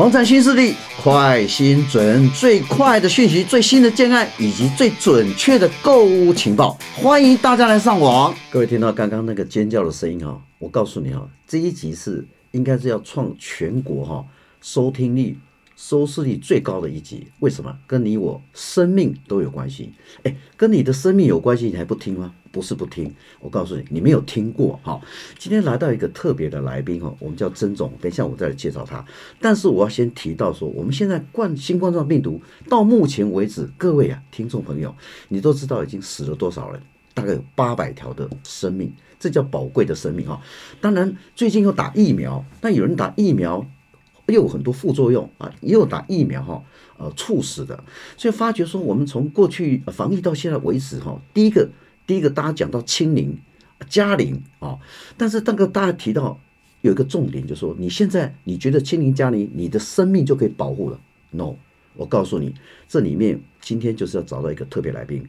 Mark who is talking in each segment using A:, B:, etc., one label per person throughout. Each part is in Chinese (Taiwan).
A: 房產新勢力，快、新、準，最快的訊息，最新的建案，以及最準確的購物情報，歡迎大家來上網。各位聽到剛剛那個尖叫的聲音哈，我告訴你哈，這一集是應該是要創全國哈收聽率、收視率最高的一集。為什麼？跟你我生命都有關係。哎，跟你的生命有關係，你還不聽嗎？不是不聽，我告訴你，你沒有聽過哈。今天來到一個特別的來賓哈，我們叫曾總，等一下我再來介紹他。但是我要先提到說，我們現在冠新冠狀病毒到目前為止，各位啊聽眾朋友，你都知道已經死了多少人？大概有八百條的生命，這叫寶貴的生命哈。當然最近又打疫苗，但有人打疫苗又有很多副作用啊，也有打疫苗哈，呃，猝死的，所以發覺說我們從過去，呃，防疫到現在為止哈，呃，第一個。第一個，大家講到清零、嘉零啊，但是那個大家提到有一個重點，就是說你現在你覺得清零、嘉零，你的生命就可以保護了？No，我告訴你，這裡面今天就是要找到一個特別來賓，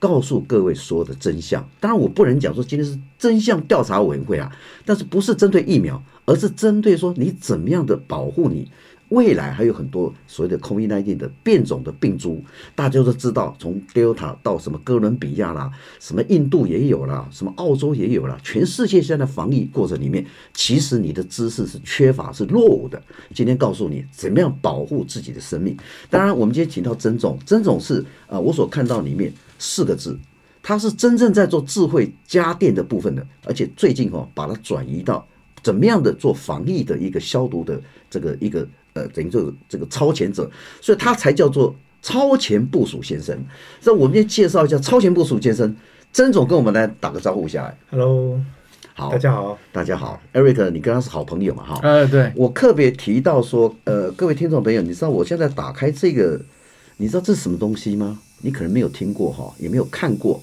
A: 告訴各位所有的真相。當然，我不能講說今天是真相調查委員會啊，但是不是針對疫苗，而是針對說你怎麼樣的保護你。未來還有很多所謂的空 o 耐 i 的變種的病株，大家都知道，從 Delta 到什麼哥倫比亞啦，什麼印度也有了，什麼澳洲也有了。全世界現在防疫過程裡面，其實你的知識是缺乏，是落伍的。今天告訴你怎麼樣保護自己的生命。當然，我們今天請到曾總，曾總是呃，我所看到裡面四個字，他是真正在做智慧家電的部分的，而且最近哦，把它轉移到怎麼樣的做防疫的一個消毒的這個一個。呃，等於就是這個超前者，所以他才叫做超前部署先生。那我們先介紹一下超前部署先生，曾總跟我們來打個招呼先。Hello，好，大家好，大家好，Eric，你跟他是好朋友嘛哈？呃，uh，對，我特別提到說，呃，各位聽眾朋友，你知道我現在打開這個，你知道這是什麼東西嗎？你可能沒有聽過哈，也沒有看過，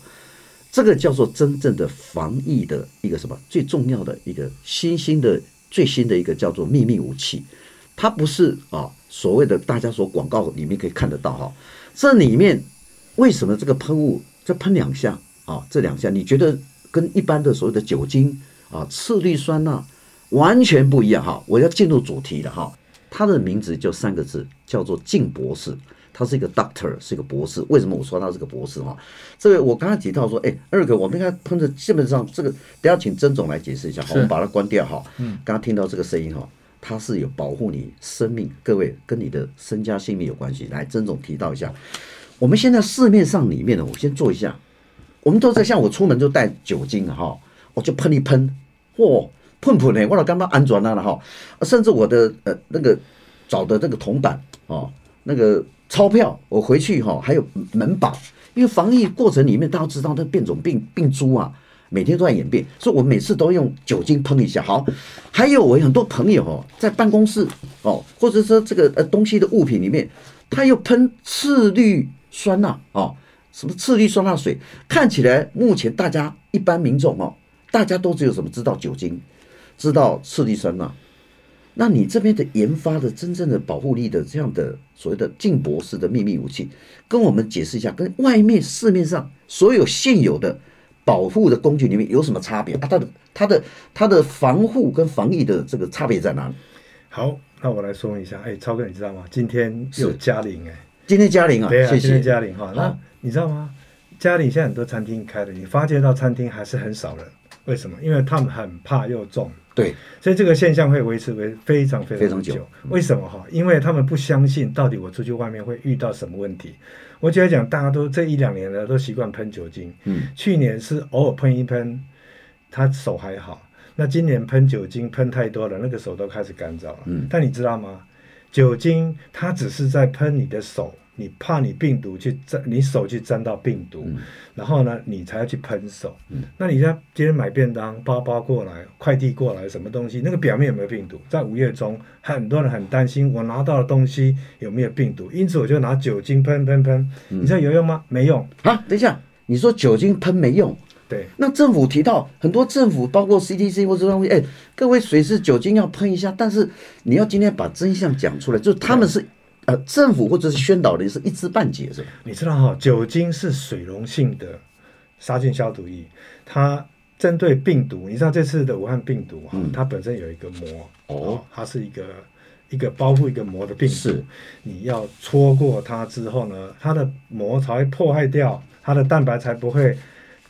A: 這個叫做真正的防疫的一個什麼最重要的一個新興的最新的一個叫做秘密武器。它不是啊、哦，所謂的大家所廣告裡面可以看得到哈，這裡面為什麼這個噴霧這噴兩下啊、哦？這兩下你覺得跟一般的所謂的酒精啊、哦、次氯酸鈉、啊、完全不一樣哈、哦？我要進入主題了哈、哦，它的名字就三個字，叫做淨博士，它是一個 doctor，是一個博士。為什麼我說它是一個博士哈、哦？這個我剛剛提到說，哎、欸，二哥，我們剛噴的基本上這個，等下請曾總來解釋一下，好，我們把它關掉哈、哦。嗯，剛剛聽到這個聲音哈。它是有保護你生命，各位跟你的身家性命有關係。來，曾總提到一下，我們現在市面上裡面呢，我先做一下，我們都在像我出門就帶酒精哈，我就噴一噴，嚯，噴噴嘞，我老乾媽安裝那了哈，甚至我的呃那個找的那個銅板啊、哦，那個鈔票，我回去哈，還有門把，因為防疫過程裡面大家都知道那變種病病株啊。每天都在演變，所以我每次都用酒精噴一下。好，還有我很多朋友哦，在辦公室哦，或者說這個呃東西的物品裡面，他又噴次氯酸鈉啊、哦，什麼次氯酸鈉水。看起來目前大家一般民眾哦，大家都只有什麼知道酒精，知道次氯酸鈉。那你這邊的研發的真正的保護力的這樣的所謂的淨博士的秘密武器，跟我們解釋一下，跟外面市面上所有現有的。保護的工具裡面有什麼差別？它、啊、的、它的、它的防護跟防疫的這個差別在哪裡？好，那我來說一下。
B: 哎、欸，超哥，你知道
A: 嗎？今天有嘉玲哎，今天嘉玲啊，謝謝、啊。今天嘉玲
B: 哈，那你知道嗎？嘉玲現在很多餐廳開了，你發覺到餐廳還是很少人。為什麼？因為他們很怕又重，對，所以這個現象會維持為非常非常久。非常久，嗯，為什麼哈？因為他們不相信到底我出去外面會遇到什麼問題。我接着講，大家都這一兩年了都習慣噴酒精。嗯，去年是偶爾噴一噴，他手還好。那今年噴酒精噴太多了，那個手都開始乾燥了。嗯，但你知道嗎？酒精它只是在噴你的手。你怕你病毒去沾，你手去沾到病毒，嗯、然後呢，你才要去噴手。嗯、那你像今天買便當，包包過來，快遞過來，什麼東西？那個表面有沒有病毒？在五月中，很多人很擔心，我拿到的東西有沒有病毒？因
A: 此我就拿酒精噴噴噴，噴，你知道有用嗎、嗯？沒用。啊，等一下，你說酒精噴沒用？對。那政府提到很多政府，包括 CDC 或什麼東西，哎，各位，隨時酒精要噴一下，但是你要今天把真相講出來，就他們是。呃，政府或者是宣導的是一知半解，是吧？你知道哈、哦，酒精是水溶性的殺菌
B: 消毒液，它針對病毒。你知道這次的武漢病毒哈、啊嗯，它本身有一個膜，哦，它是一個一個包覆一個膜的病毒。是，你要戳過它之後呢，它的膜才會破壞掉，它的蛋白才不會，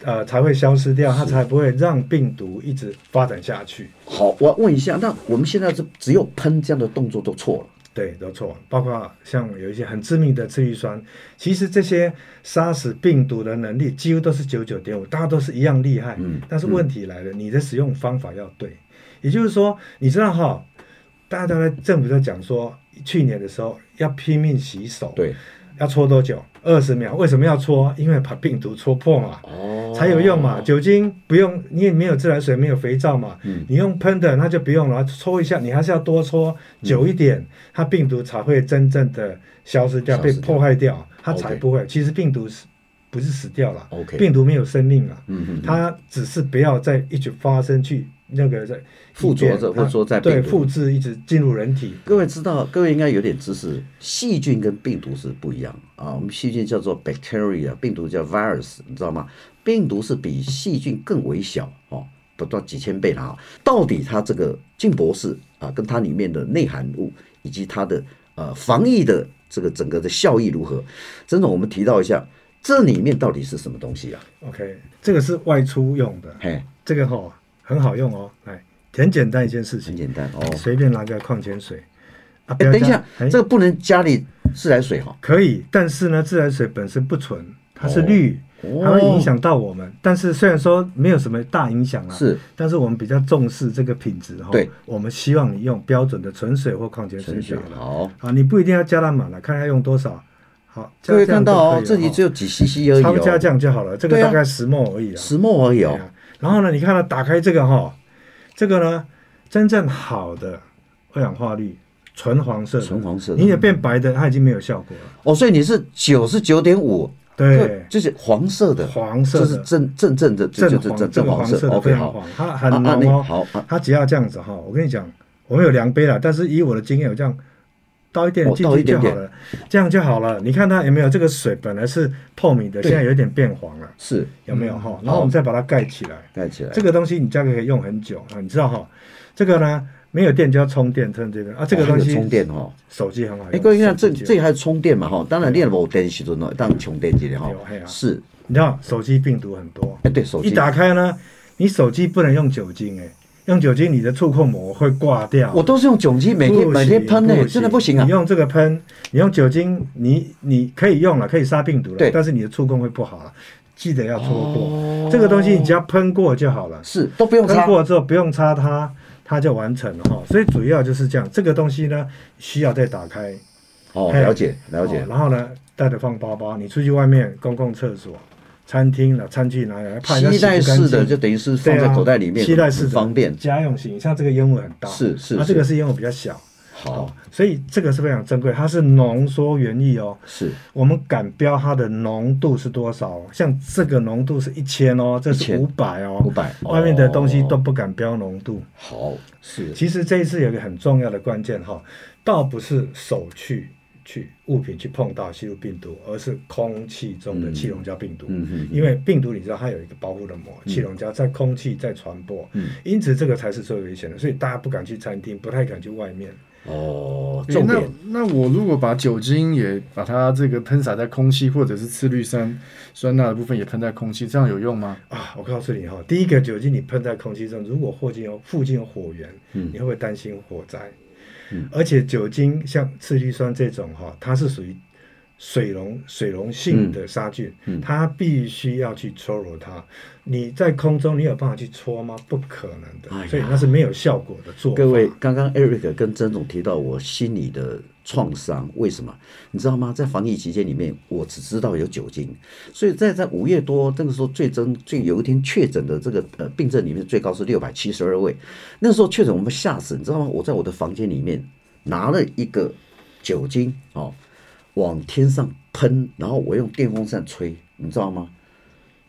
B: 呃，才會消失掉，它才不會讓病毒一直發展下去。
A: 好，我問一下，那我們現在是只有噴這樣的動作就錯了？對，都錯，
B: 包括像有一些很知名的次氯酸，其實這些殺死病毒的能力幾乎都是九九點五，大家都是一樣厲害。嗯，但是問題來了，嗯，你的使用方法要對，也就是說，你知道哈，大家都在政府在講說，去年的時候要拼命洗手。對。要搓多久？二十秒。為什麼要搓？因為把病毒搓破嘛、哦，才有用嘛。酒精不用，你也沒有自來水，沒有肥皂嘛。嗯、你用噴的，那就不用了。搓一下，你還是要多搓久一點、嗯，它病毒才會真正的消失掉、失掉被破壞掉，它才不會。Okay、其實病毒是不是死掉了、okay？病毒沒有生命了、嗯，它只是不要再一直發生去。那個在附着着，或者說在病毒、啊、對複製一直進入人體、嗯。
A: 各位知道，各位應該有點知識，細菌跟病毒是不一樣啊。我們細菌叫做 bacteria，病毒叫 virus，你知道嗎？病毒是比細菌更微小哦，不到幾千倍了啊、哦。到底它這個淨博士啊，跟它裡面的內含物以及它的呃防疫的這個整個的效益如何？曾總，我們提到一下，這裡面到底是什麼東西啊？
B: OK，這個是外出用的，嘿，這個好很好用哦，來，
A: 很簡，簡單一件事情，很
B: 簡，簡單哦，隨便拿個礦泉水，啊、欸，等一下，欸、這個不能加你自來水哈、哦，可以，但是呢，自來水本身不純，它是氯、哦、它會影響到我們、哦，但是雖然說沒有什麼大影響啊，是，但是我們比較重視這個品質哈、哦，對，我們希望你用標準的純水或礦泉水，水、啊，好，你不一定要加到滿了，看要用多少，好，各位看到哦，這，哦這裡
A: 只有幾 CC 而已、哦，他們加這樣就好了，這個大概
B: 10ml 而已了，10ml、啊、而已、哦。然後呢，你看它、啊、打開這個哈、哦，這個呢，真正好的二氧化氯，純黃色。純黃色。你也變白的、嗯，它已經沒有效果
A: 了。哦，所以你是九十九點五，對，就，就是黃色的，黃色，這、就是正正正的，正黃，正、這個、黃色。非常黃。OK, 它很濃哦、啊。好，它只要這樣子哈。我跟你
B: 講，我沒有量杯了，但是以我的經驗，我這樣。倒一點進去就好了，這樣就好了。你看它有沒有？這個水本來是透明的，現在有點變黃了，是有沒有哈？然後我們再把它蓋起來。蓋起來。這個東西你家裡可以用很久啊，你知道哈？這個呢，沒有電就要充電，趁這個啊，這個東西充
A: 電哈，手機很好用。哎，哥，你看這這還是充電嘛哈？當然，你有電時陣呢，當充電器的哈。是，
B: 你知道手機病毒很多。哎，對，手機一打開呢，你手機不能用酒精哎、欸。用酒精，你的觸控膜會掛掉。我都是用酒精每，每天每天噴的真的不行啊。你用這個噴，你用酒精，你你可以用了，可以殺病毒了。對，但是你的觸控會不好了、啊，記得要搓過、哦。這個東西你只要噴過就好了。是，都不用擦。噴過之後不用擦它，它就完成了哈、哦。所以主要就是這樣，這個東西呢需要再打開。
A: 哦，了解了解、哦。
B: 然後呢，帶着放包包，你出去外面公共廁所。餐廳了，餐具拿來，攜帶式的就等於是放在口袋裡面、啊，攜帶式的方便，家用型像這個煙霧很大。是是，它、啊、這個是煙霧比較小。是是、哦，好，所以這個是非常珍貴，它是濃縮原液哦，是我們敢標它的濃度是多少，像這個濃度是一千哦，這是五百哦，五百，外面的東西都不敢標濃度、哦，好，是，其實這一次有一個很重要的關鍵哈、哦，倒不是手去，去物品去碰到吸入病毒，而是空氣中的氣溶膠病毒、嗯。因為病毒你知道它有一個保護的膜，嗯、氣溶膠在空氣在傳播、嗯。因此這個才是最危險的，所以大家不敢去餐廳，不太敢去外面。哦。重點，那那我如果把酒精也把它這個噴灑在空氣，或者是次氯酸酸鈉的部分也噴在空氣，這樣有用嗎？啊，我告訴你哈、哦，第一個酒精你噴在空氣中，如果附近有附近有火源，嗯、你會不會擔心火災？而且酒精像次氯酸這種哈、哦，它是屬於水溶水溶性的殺菌、嗯嗯，它必須要去搓揉它。你在空中，你有辦法去搓嗎？不可能的、哎，所以那是沒有
A: 效果的做法。各位，剛剛 Eric 跟曾總提到，我心裡的。創傷為什麼？你知道嗎？在防疫期間裡面，我只知道有酒精，所以，在在五月多這、那個時候最真，最增，最有一天確診的這個呃病症裡面最高是六百七十二位。那時候確診，我們嚇死，你知道嗎？我在我的房間裡面拿了一個酒精哦，往天上噴，然後我用電風扇吹，你知道嗎？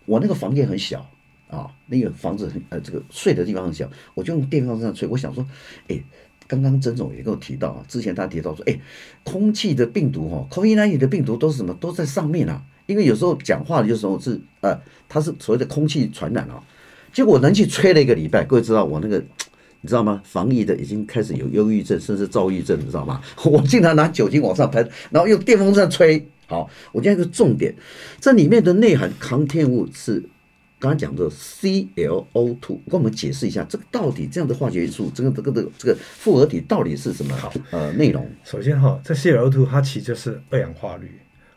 A: 我那個房間很小啊、哦，那個房子很呃，這個睡的地方很小，我就用電風扇吹，我想說，誒、欸。剛剛曾總也跟我提到啊，之前他提到說，哎、欸，空氣的病毒哈、哦，空氣裡的病毒都是什麼，都在上面啊。因為有時候講話的有時候是呃，它是所謂的空氣傳染啊。結果人去吹了一個禮拜，各位知道我那個，你知道嗎？防疫的已經開始有憂鬱症，甚至躁鬱症，你知道嗎？我經常拿酒精往上噴，然後用電風扇吹。好，我講一個重點，這裡面的內涵，抗天物是。剛剛講的 CLO2 跟我們解釋一下，這個到底這樣的化學元素，這個這個這個這個複合體到底是什麼？好呃，內容。
B: 首先哈、哦，這 CLO2 它其實是二氧化氯，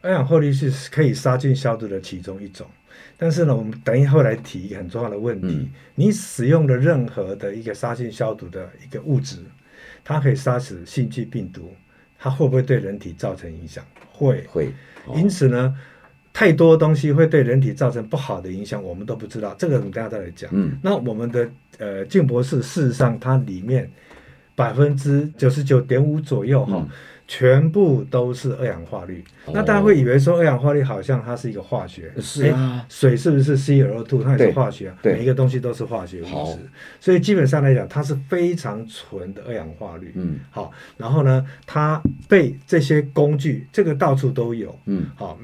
B: 二氧化氯是可以殺菌消毒的其中一種。但是呢，我們等於後來提一個很重要的問題：嗯、你使用的任何的一個殺菌消毒的一個物質，它可以殺死性病病毒，它會不會對人體造成影響？會會、哦。因此呢，太多東西會對人體造成不好的影響，我們都不知道。這個我們待會再講。那我們的呃，淨博士事實上，它裡面百分之九十九點五左右哈。嗯全部都是二氧化氯，哦，那大家會以為說二氧化氯好像它是一個化學，是、啊、水是不是 ClO2 它也是化學，每一個東西都是化學物質，所以基本上來講，它是非常純的二氧化氯。嗯，好，然後呢，它被這些工具，這個到處都有，嗯，好，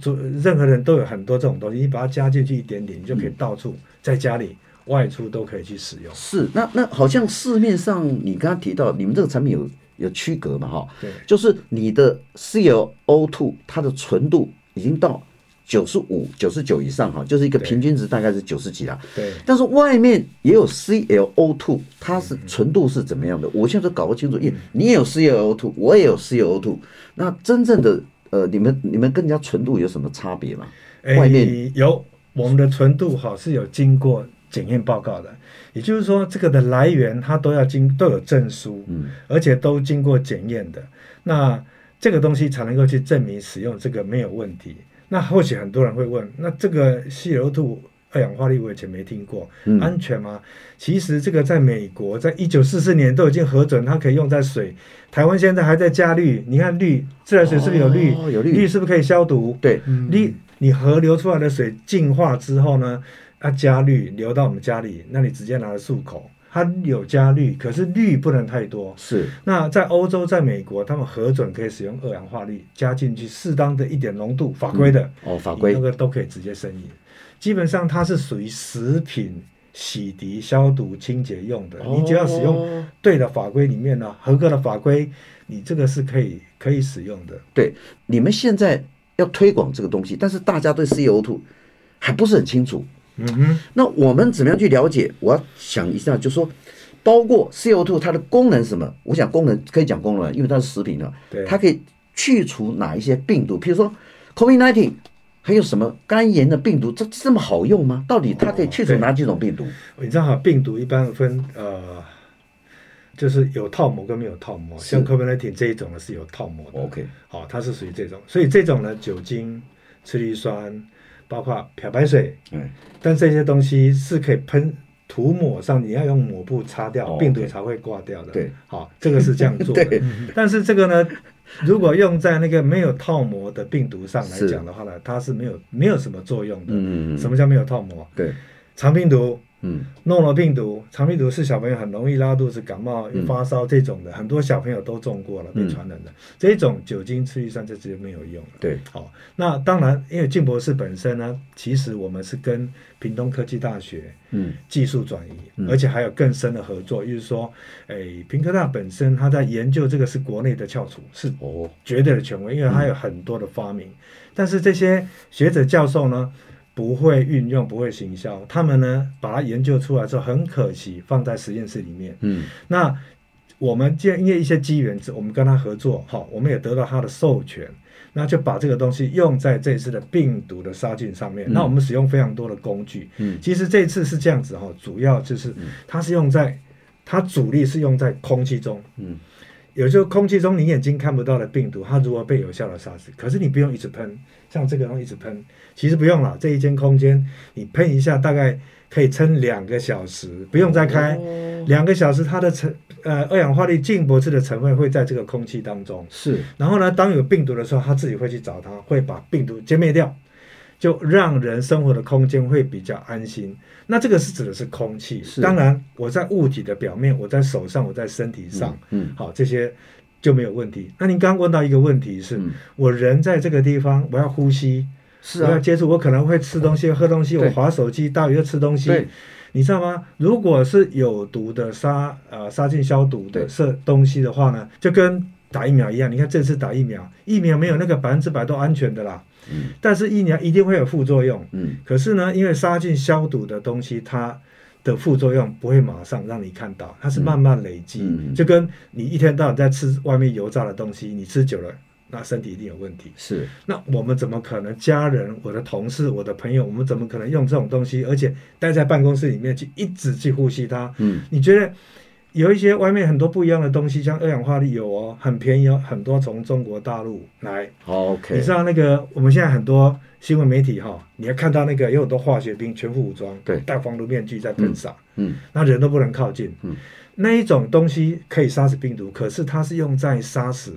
B: 做任何人都有很多這種東西，你把它加進去一點點，你就可以到處在家裡、外出都可以去使用。是，
A: 那那好像市面上你剛剛提到你們這個產品有。有區隔嘛，哈，對，就是你的 C L O two 它的純度已經到九十五、九十九以上，哈，就是一個平均值大概是九十幾啊。對，但是外面也有 C L O two，它是純度是怎麼樣的？我現在都搞不清楚，因你也有 C L O two，我也有 C L O two，那真正的呃，你們你們跟人家純度有什麼差別嗎？外面、欸、
B: 有，我們的純度哈是有經過檢驗報告的。也就是說，這個的來源它都要經都有證書、嗯，而且都經過檢驗的，那這個東西才能夠去證明使用這個沒有問題。那或許很多人會問，那這個 ClO2 二氧化氯我以前沒聽過、嗯，安全嗎？其實這個在美國在一九四四年都已經核准，它可以用在水。台灣現在還在加氯，你看氯自來水是不是有氯哦？有氯，氯是不是可以消毒？對，氯、嗯、你，你河流出來的水淨化之後呢？它、啊、加氯流到我們家裡，那你直接拿來漱口。它有加氯，可是氯不能太多。是，那在歐洲、在美國，他們核准可以使用二氧化氯加進去，適當的一點濃度，法規的、嗯、哦，法規那個都可以直接生飲。基本上它是屬於食品洗滌、消毒、清潔用的、哦。你只要使用對的法規裡面呢，合格的法規，你這個是可以可以使用的。
A: 對，你們現在要推廣這個東西，但是大家對 CO two 還不是很清楚。嗯哼，那我們怎麼樣去了解？我要想一下，就是說，包括 CO2 它的功能是什麼？我想功能可以講功能，因為它是食品了。對，它可以去除哪一些病毒？比如說 COVID-19，還有什麼肝炎的病毒？這是這麼好用嗎？到底它可以去除哪幾種病毒？
B: 哦、你知道哈，病毒一般分呃，就是有套膜跟沒有套膜，像 COVID-19 這一種呢是有套膜的。OK，好，它是屬於這種，所以這種呢，酒精、次氯酸。包括漂白水，嗯，但這些東西是可以噴、塗抹上，你要用抹布擦掉、哦、okay, 病毒才會掛掉的。對，好，這個是這樣做的。 但是這個呢，如果用在那個沒有套膜的病毒上來講的話呢，是它是沒有沒有什麼作用的。嗯，什麼叫沒有套膜？對，腸病毒。嗯，諾如病毒、腸病毒是小朋友很容易拉肚子、感冒、發燒這種的、嗯，很多小朋友都中過了，被傳染的。嗯、這種酒精次氯酸這些沒有用。對，好、哦，那當然，因為淨博士本身呢，其實我們是跟屏東科技大學技嗯技術轉移，而且還有更深的合作，就是說，誒、欸，屏科大本身他在研究這個是國內的翹楚，是哦絕對的權威，哦、因為它有很多的發明、嗯。但是這些學者教授呢？不會運用，不會行銷。他們呢，把它研究出來之後，很可惜放在實驗室裡面。嗯，那我們借因為一些機緣，我們跟他合作，哈、哦，我們也得到他的授權，那就把這個東西用在這次的病毒的殺菌上面。嗯、那我們使用非常多的工具。嗯，其實這次是這樣子哈，主要就是它是用在，它、嗯、主力是用在空氣中。嗯。有時候空氣中你眼睛看不到的病毒，它如何被有效的殺死，可是你不用一直噴，像這個東西一直噴，其實不用了。這一間空間你噴一下，大概可以撐兩個小時，不用再開。哦、兩個小時它的成呃二氧化氯淨博士的成分會在這個空氣當中。是。然後呢，當有病毒的時候，它自己會去找它，會把病毒殲滅掉。就讓人生活的空間會比較安心，那這個是指的是空氣。是，當然我在物體的表面，我在手上，我在身體上，嗯，嗯好，這些就沒有問題。那您剛問到一個問題是，是、嗯、我人在這個地方，我要呼吸，嗯、是、啊，我要接觸，我可能會吃東西、喝東西，我滑手機，大約要吃東西，你知道嗎？如果是有毒的殺呃殺菌消毒的這東西的話呢，就跟打疫苗一樣。你看這次打疫苗，疫苗沒有那個百分之百都安全的啦。嗯、但是疫苗一定會有副作用。嗯，可是呢，因為殺菌消毒的東西，它的副作用不會馬上讓你看到，它是慢慢累積、嗯。就跟你一天到晚在吃外面油炸的東西，你吃久了，那身體一定有問題。是，那我們怎麼可能？家人、我的同事、我的朋友，我們怎麼可能用這種東西？而且待在辦公室裡面去一直去呼吸它？嗯，你覺得？有一些外面很多不一樣的東西，像二氧化氯哦，很便宜，很多從中國大陸來。OK。你知道那個我們現在很多新聞媒體哈、哦，你要看到那個有很多化學兵全副武裝，對、okay.，戴防毒面具在噴灑，嗯，那、嗯、人都不能靠近，嗯，那一種東西可以殺死病毒，可是它是用在殺死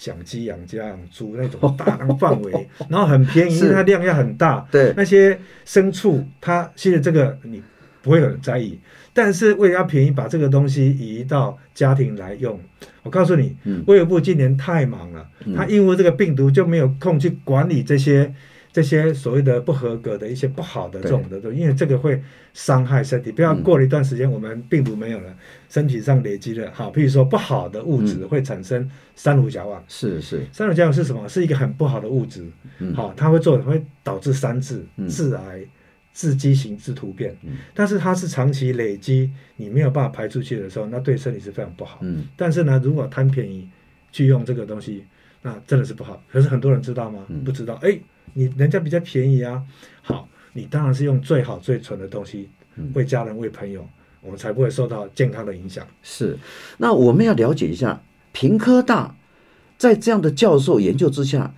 B: 養雞、養家、養豬那種大範圍， 然後很便宜，因為它量要很大，對，那些牲畜，它其實這個你。不會有人在意，但是為了要便宜，把這個東西移到家庭來用。我告訴你，嗯、衛福部今年太忙了，他、嗯、因為這個病毒就沒有空去管理這些這些所謂的不合格的一些不好的這種的，因為這個會傷害身體。不、嗯、要過了一段時間，我們病毒沒有了，身體上累積了，好，比如說不好的物質會產生三鹵甲烷。是是，三鹵甲烷是什麼？是一個很不好的物質，嗯、好，它會做會導致三致、嗯、致癌。致畸形，致突變，嗯、但是它是長期累積，你沒有辦法排出去的時候，那對身體是非常不好，嗯。但是呢，如果貪便宜去用這個東西，那真的是不好。可是很多人知道嗎？嗯、不知道，哎、欸，你人家比較便宜啊，好，你當然是用最好、最純的東西，為家人為朋友，我們才不會受到健康的影響。
A: 是，那我們要了解一下，屏科大在這樣的教授研究之下。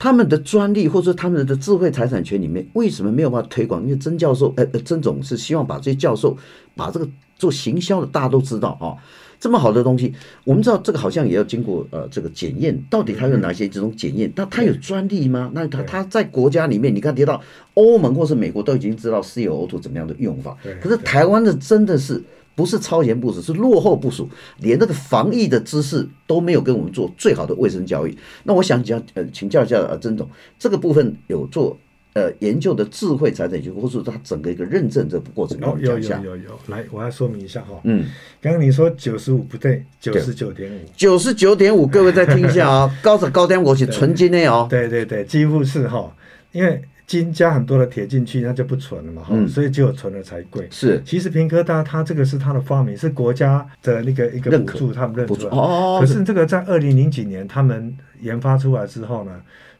A: 他們的專利或者他們的智慧財產權裡面為什麼沒有辦法推廣？因為曾教授、呃，曾總是希望把這些教授把這個做行銷的，大家都知道啊、哦，這麼好的東西，我們知道這個好像也要經過呃這個檢驗，到底它有哪些這種檢驗？那它，它有專利嗎？那它它在國家裡面，你看提到歐盟或是美國都已經知道 ClO2 怎麼樣的用法，可是台灣的真的是。不是超前部署，是落後部署，連那個防疫的知識都沒有跟我們做最好的衛生教育。那我想講，呃，請教一下啊，曾總，這個部分有做呃研究的智慧財產局，公司，它整個一個認證這個過程，跟、哦、有有有有,
B: 有。來，我要說明一下哈、哦。嗯。
A: 剛剛你說九十五不對，九十九點五。九十九點五，各位再聽一下啊、哦，高是高點，我是純金
B: 的哦。對對對,對，幾乎是哈，因為。金加很多的鐵進去，那就不純了嘛，嗯，所以只有純了才貴。是，其實屏科大他他這個是他的發明，是國家的那個一個補
A: 助認可，他們認出來。可是
B: 這個在二零零幾年他們研發出來之後呢，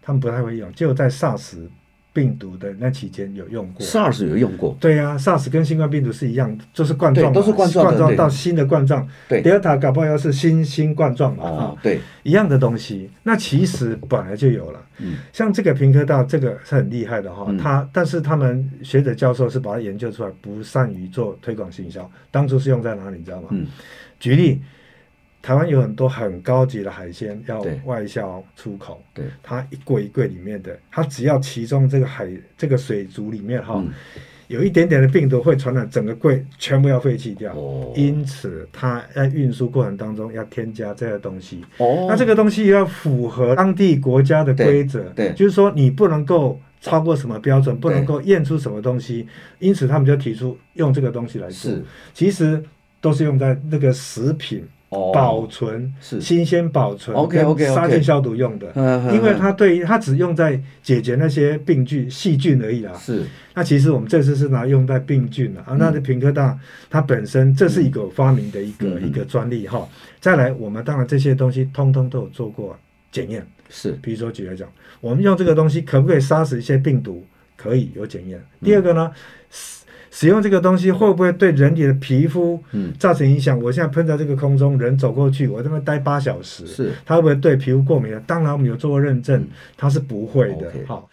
B: 他們不太會用，就在薩斯病毒的那期間有用
A: 過，SARS 有用過，
B: 對呀、啊、，SARS 跟新冠病毒是一樣，就是冠狀，都是冠狀，冠狀到新的冠狀，對,對，Delta 搞不好要是新新冠狀嘛，啊，對，一樣的東西，那其實本來就有了，嗯，像這個屏科大，這個是很厲害的哈，嗯、他但是他們學者教授是把它研究出來，不善於做推廣行銷，當初是用在哪裡你知道嗎？嗯、舉例。台灣有很多很高級的海鮮要外銷出口，對，它一櫃一櫃裡面的，它只要其中這個海這個水族裡面哈、嗯，有一點點的病毒會傳染，整個櫃全部要廢棄掉、哦。因此它在運輸過程當中要添加這些東西、哦。那這個東西要符合當地國家的規則，對，就是說你不能夠超過什麼標準，不能夠驗出什麼東西，因此他們就提出用這個東西來做。是，其實都是用在那個食品。Oh, 保存是新鮮保存，OK OK，殺菌消毒用的，okay, okay, okay. 因為它對於它只用在解決那些病菌細菌而已啦。是,那其實我們這次是拿用在病菌了、嗯、啊。那屏科大它本身這是一個我發明的一個、嗯、一個專利哈。再來，我們當然這些東西通通都有做過檢驗，是，比如說舉例來講，我們用這個東西可不可以殺死一些病毒，可以有檢驗、嗯。第二個呢？使用這個東西會不會對人體的皮膚嗯造成影響、嗯？我現在噴在這個空中，人走過去，我在那待八小時，是它會不會對皮膚過敏啊？當然我們有做過認證，嗯、
A: 它是不會的。哦 okay、好，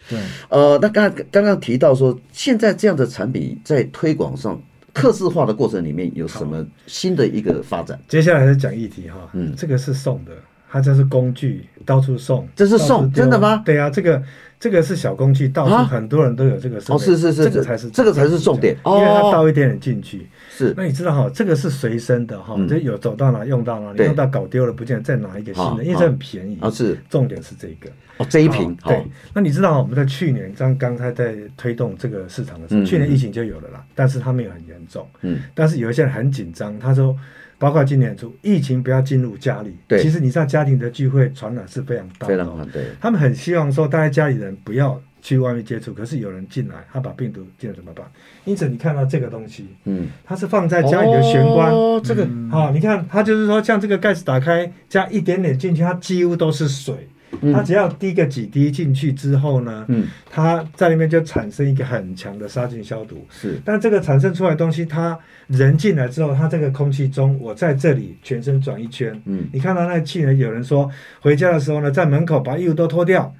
A: 呃，那剛剛剛提到說，現在這樣的產品在推廣上、客製化的過程裡面有什麼新的一個發展？嗯、接下來再講議題哈、
B: 哦，嗯，這個是送的，它這是工具，到處送，這是送，真的嗎？對啊，這個。這個是小工具，到處很多人都有這個設備、啊。哦，是是是，這個才是這個才、這個、是重
A: 點。因為它倒一點點
B: 進去，是、哦。那你知道哈、哦哦，這個是隨身的哈、哦，就有走到哪用到哪，用到搞丟了不見，再拿一個新的，哦、因為這很便宜、哦。是，重點是這個。
A: 哦，這一瓶。對、哦，
B: 那你知道、哦、我們在去年剛、剛才在推動這個市場的時候，嗯嗯嗯去年疫情就有了啦。但是他沒有很嚴重，嗯，但是有一些人很緊張，他說，包括今年初疫情不要進入家裡，其實你知道家庭的聚會，傳染是非常大、
A: 哦，的。對。他
B: 們很希望說，大家家裡人不要去外面接觸，可是有人進來，他把病毒進來怎麼辦？因此你看到這個東西，嗯，它是放在家裡的玄關，哦嗯哦、這個啊、嗯哦，你看它就是說，像這個蓋子打開，加一點點進去，它幾乎都是水。它、嗯、只要滴個幾滴進去之後呢，它、嗯、在裡面就產生一個很強的殺菌消毒。是，但這個產生出來的東西，它人進來之後，它這個空氣中，我在這裡全身轉一圈。嗯，你看到那個氣，人有人說回家的時候呢，在門口把衣服都脫掉，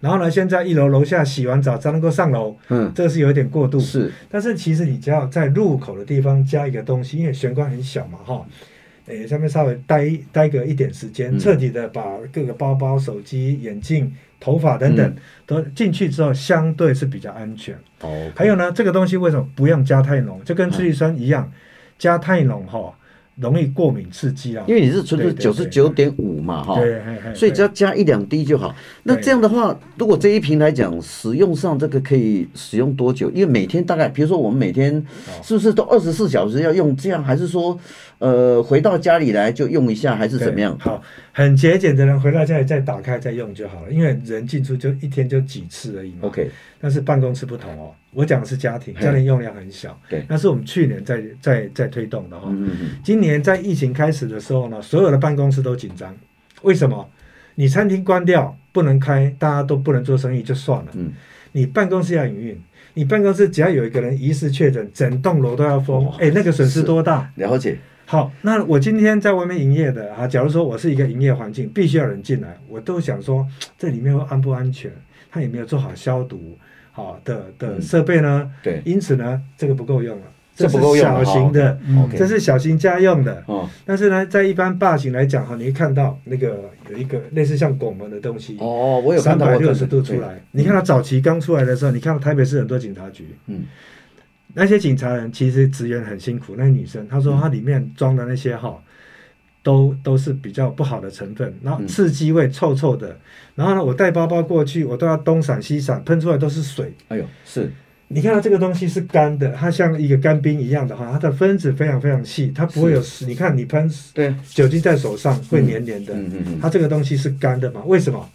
B: 然後呢，先在一樓樓下洗完澡才能夠上樓。嗯，這個是有一點過度。是，但是其實你只要在入口的地方加一個東西，因為玄關很小嘛，哈。誒，下面稍微待待個一點時間，嗯，徹底的把各個包包、手機、眼鏡、頭髮等等，嗯、都進去之後，相對是比較安全。哦，還有呢，這個東西為什麼不用加太濃？哦、就跟次氯酸一樣，嗯、加太濃吼、哦。容易過敏刺激啊，因為你是純度九十九
A: 點五嘛，哈，所以只要加一兩滴就好。對對對。那這樣的話，如果這一瓶來講，使用上這個可以使用多久？因為每天大概，比如說我們每天是不是都二十四小時要用？這樣還是說，呃，回到家裡來就用一下，還是怎麼樣？好。
B: 很節儉的人回到家裡再打開再用就好了，因為人進出就一天就幾次而已嘛。O.K.，但是辦公室不同哦，我講的是家庭，家庭用量很小。對、okay，那是我們去年在在在、在推動的哈、哦嗯嗯嗯。今年在疫情開始的時候呢，所有的辦公室都緊張。為什麼？你餐廳關掉不能開，大家都不能做生意就算了。嗯、你辦公室要營運，你辦公室只要有一個人疑似確診，整棟樓都要封。哎、欸，那個損失多大？了解。好，那我今天在外面營業的哈，假如說我是一個營業環境，必須要人進來，我都想說這裡面會安不安全？它有沒有做好消毒？好的的設備呢？嗯，對，因此呢，這個不夠用了，這是小型的，這，這是小型家用的，嗯，家用的，嗯。但是呢，在一般大型來講哈，你會看到那個有一個類似像拱門的東西。哦，我有看到，三百六十度出來，你看它早期剛出來的時候，你看台北市很多警察局。嗯。那些警察人其實職員很辛苦，那女生她說她裡面裝的那些哈、哦，都都是比較不好的成分，然後刺激味臭臭的、嗯。然後呢，我帶包包過去，我都要東閃西閃，噴出來都是水。哎呦，是你看它這個東西是乾的，它像一個乾冰一樣的哈，它的分子非常非常細，它不會有。你看你噴對酒精在手上會黏
A: 黏的，嗯，它這
B: 個東西是乾的嘛？為什麼？嗯、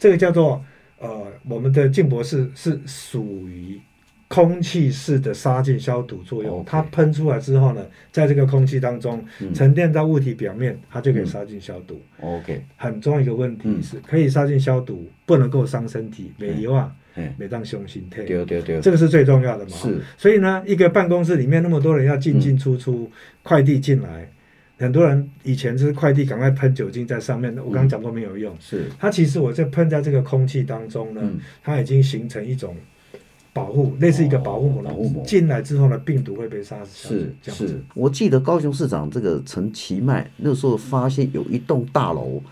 B: 這個叫做呃，我們的淨博士是屬於。空氣式的殺菌消毒作用，okay. 它噴出來之後呢，在這個空氣當中、嗯、沉澱到物體表面，它就可以殺菌消毒、嗯。OK，很重要一個問題是、嗯、可以殺菌消毒，不能夠傷身體，別遺啊，每當胸心痛。對對對，這個是最重要的嘛、嗯嗯。是，所以呢，一個辦公室裡面那麼多人要進進出出，嗯、快遞進來，很多人以前是快遞趕快噴酒精在上面，我剛剛講過沒有用，嗯、是它其實我在噴在這個空氣當中呢、嗯，它已經形成一種。保護，那是一個保護膜，哦，保護膜進來之後呢，病毒會被殺死。是是，
A: 我記得高雄市長這個陳其邁，那時候發現有一棟大樓，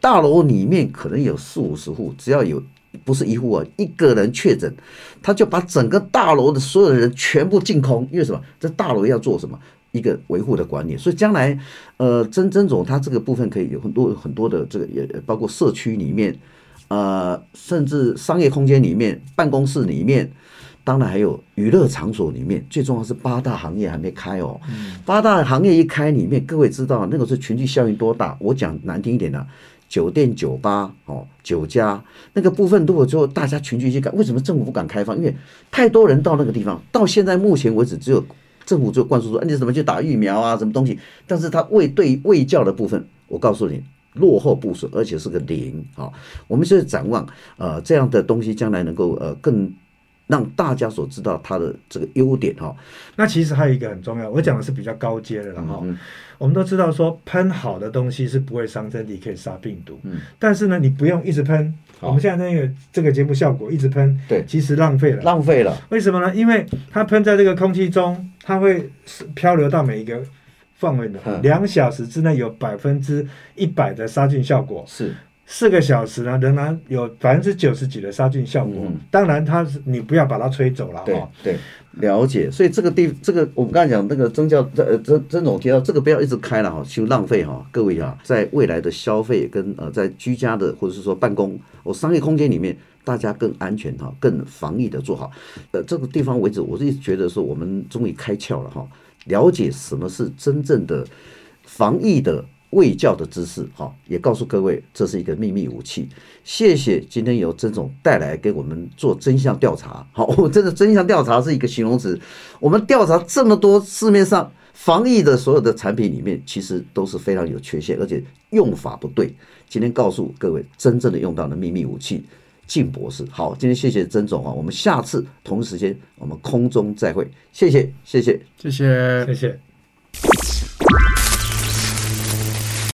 A: 大樓裡面可能有四五十戶，只要有，不是一戶啊，一個人確診，他就把整個大樓的所有的人全部淨空。因為什麼？這大樓要做什麼？一個維護的管理。所以將來，呃，曾曾總他這個部分可以有很多很多的這個，也包括社區裡面。呃，甚至商業空間裡面、辦公室裡面，當然還有娛樂場所裡面，最重要是八大行業還沒開哦。嗯、八大行業一開，裡面各位知道、啊、那個是群聚效應多大？我講難聽一點的、啊，酒店、酒吧、哦、酒家那個部分，如果說大家群聚去開，為什麼政府不敢開放？因為太多人到那個地方。到現在目前為止，只有政府就灌輸說、啊，你怎麼去打疫苗啊，什麼東西？但是他未對衛教的部分，我告訴你。落後部署，而且是個零啊、哦！我們是展望，呃，這樣的東西將來能夠呃，更讓大家所知道它的這個優點哈、哦。那其實還有一個很重要，我講的是比較高階的了哈。嗯嗯。我們都知道說噴
B: 好的東西是不會傷身體，可以殺病毒、嗯。但是呢，你不用一直噴。好。我們現在那個這個節目效果一直噴。對。其實浪費了。浪費了。為什麼呢？因為它噴在這個空氣中，它會漂流到每一個。範圍呢，兩、嗯、小時之內有百分之一百的殺菌效果，是四個小時呢，仍然有百分之九十幾的殺菌效果。嗯、當然它，它是你不要把它吹走了哈。對，
A: 對、嗯，了解。所以這個地這個我們剛才講那、這個曾教，這呃曾曾總提到，這個不要一直開了哈，就浪費哈。各位啊，在未來的消費跟呃在居家的或者是說辦公，我商業空間裡面，大家更安全哈，更防疫的做好。呃，這個地方為止，我是一直覺得說我們終於開竅了哈。了解什麼是真正的防疫的衛教的知識，好，也告訴各位，這是一個秘密武器。謝謝今天由曾總帶來給我們做真相調查。好，我們這個真相調查是一個形容詞。我們調查這麼多市面上防疫的所有的產品裡面，其實都是非常有缺陷，而且用法不對。今天告訴各位，真正的用到的秘密武器。淨博士，好，今天謝謝曾總啊，我們下次同一時間我們空中再會，謝謝，謝謝，
B: 謝謝，謝謝。